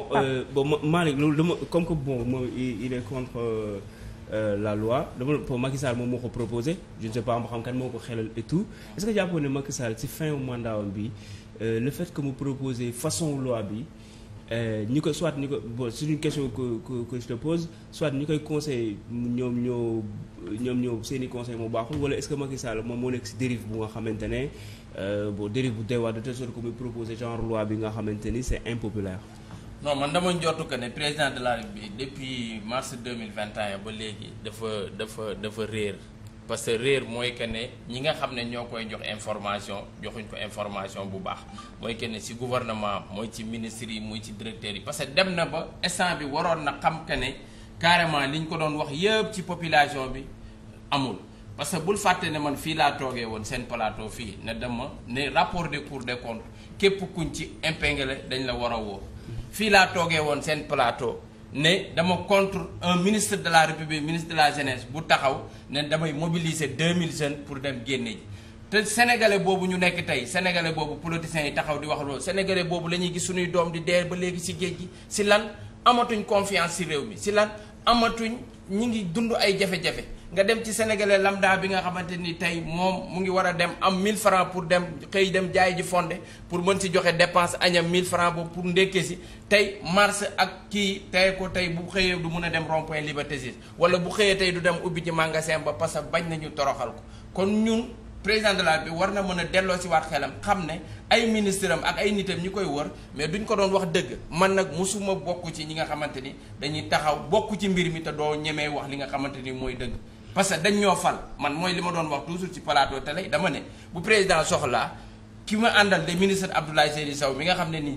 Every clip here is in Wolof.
bon ah. euh, bon Malick loolu dama comme que bon moom il est contre euh, euh, la loi dama pour Macky moom moo ko proposé je ne sais pas ma xam kan moo ko xelal et tout est-ce que jàppoon ne Macky Sall fin mandat bi euh, le fait que mu proposé façon loi bi ñi ko ko bon c'est que que que je te pose soit ñi koy conseil ñoom ñoo ñoom ñoo seen i conseil moo baaxul wala est-ce que Macky Sall moom moo nekk si dérive bu xamante ne bon dérive de telle sorte que muy proposé genre loi bi nga xamante ni c'est impopulaire. non man dama njortu que ne président de la République depuis mars deux mille vingt un ba léegi dafa dafa dafa réer parce que réer mooy que ne ñi nga xam ne ñoo koy jox information joxuñ ko information bu baax mooy que ne ci gouvernement mooy ci ministres yi mooy ci directeurs yi parce que dem na ba essan bi waroon na xam que ne carrément li ñu ko doon wax yëpp ci population bi amul parce que bul fàtte ne man fii laa toogee woon seen plateau fii ne dama ne rapport des cours des comptes képp ci impingale dañ la war a woo fii laa toogee woon seen plateau ne dama contre un ministre de la république ministre de la jeunesse bu taxaw ne damay mobiliser 2000 jeunes pour dem génne ji te sénégalais boobu ñu nekk tey sénégalais boobu politiciens yi taxaw di wax loolu sénégalais boobu la ñuy gis suñuy doom di dee ba léegi ci géej gi ci lan amatuñ confiance ci réew mi ci lan amatuñ ñi ngi dund ay jafe-jafe nga dem ci sénégalais lamdaa bi nga xamante ni tey moom mu ngi war a dem am 1000 francs pour dem xëy dem jaay ji fonde pour mën si joxe dépense añam mille francs boobu pour ndékkee si tey mars ak kii tey ko tey bu xëyee du mun a dem rond point Liberté 6 wala bu xëyee tey du dem ubbi ci magasin ba parce que bañ nañu toroxal ko kon ñun président de la bi war na mën a delloo si waat xelam xam ne ay ministre am ak ay nitam ñi koy wër mais duñ ko doon wax dëgg man nag mosuma bokk ci ñi nga xamante ni dañuy taxaw bokk ci mbir mi te doo ñemee wax li nga xamante ni mooy dëgg parce que dañ ñoo fal man mooy li ma doon wax toujours ci plateau télé dama ne bu président soxlaa ki ma àndal de ministre Abdoulaye Seydou Sow mi nga xam ne ni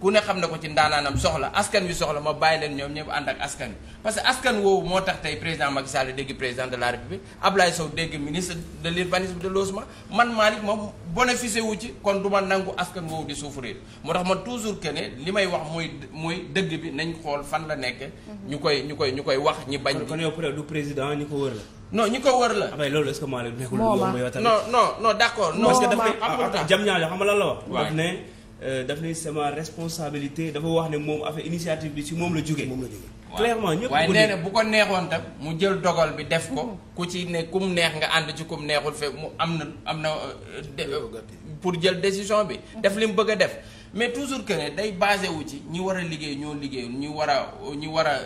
ku ne xam na ko ci ndaanaanam soxla askan wi soxla ma bàyyi leen ñoom ñëpp ànd ak askan wi parce que askan woowu moo tax tey président Macky Sall dégg président de la République Abdoulaye Sow dégg ministre de l'urbanisme de logement man Malick moom bénéficié wu ci kon du ma nangu askan woowu di souffrir moo tax ma toujours que ne li may wax mooy mooy dëgg bi nañ xool fan la nekke mhm. ñu koy ñu koy ñu koy wax ñi bañ kon yow du président ñi ko wër no ñi ko war la. ah loolu est-ce que Malick nekkul lu yomb yow tamit. non non non d'accord. non parce jam ah, ñaar xam nga la la wax. daf ne euh, daf ne c'est responsabilité dafa wax ne moom affaire initiative bi ci moom la jógee. moom la jógee clairement ñëpp waaye nee na bu ko neexoon tam mu jël dogal bi def ko. Mm-hmm. ku ci ne kum neex nga ànd ci kum neexul fekk mu am na am na euh, euh, pour jël décision bi. Mm-hmm. def li mu bëgg a def mais toujours que ne day basé wu ci ñi war a liggéey ñoo liggéeyul ñi war a ñi war a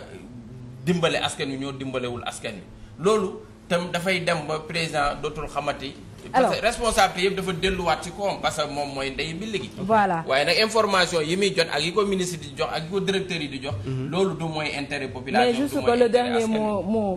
dimbale askan wi ñoo dimbalewul askan wi loolu. tam dafay dem ba président dootul xamati. alors parce que responsabilité yëpp dafa delluwaat ci koom parce que moom mooy ndey mbi gi. voilà waaye nag information yi muy jot ak yi ko ministre di jox ak yi ko directeur yi di jox. Mhm. loolu du mooy intérêt population. mais juste que le dernier mot mot.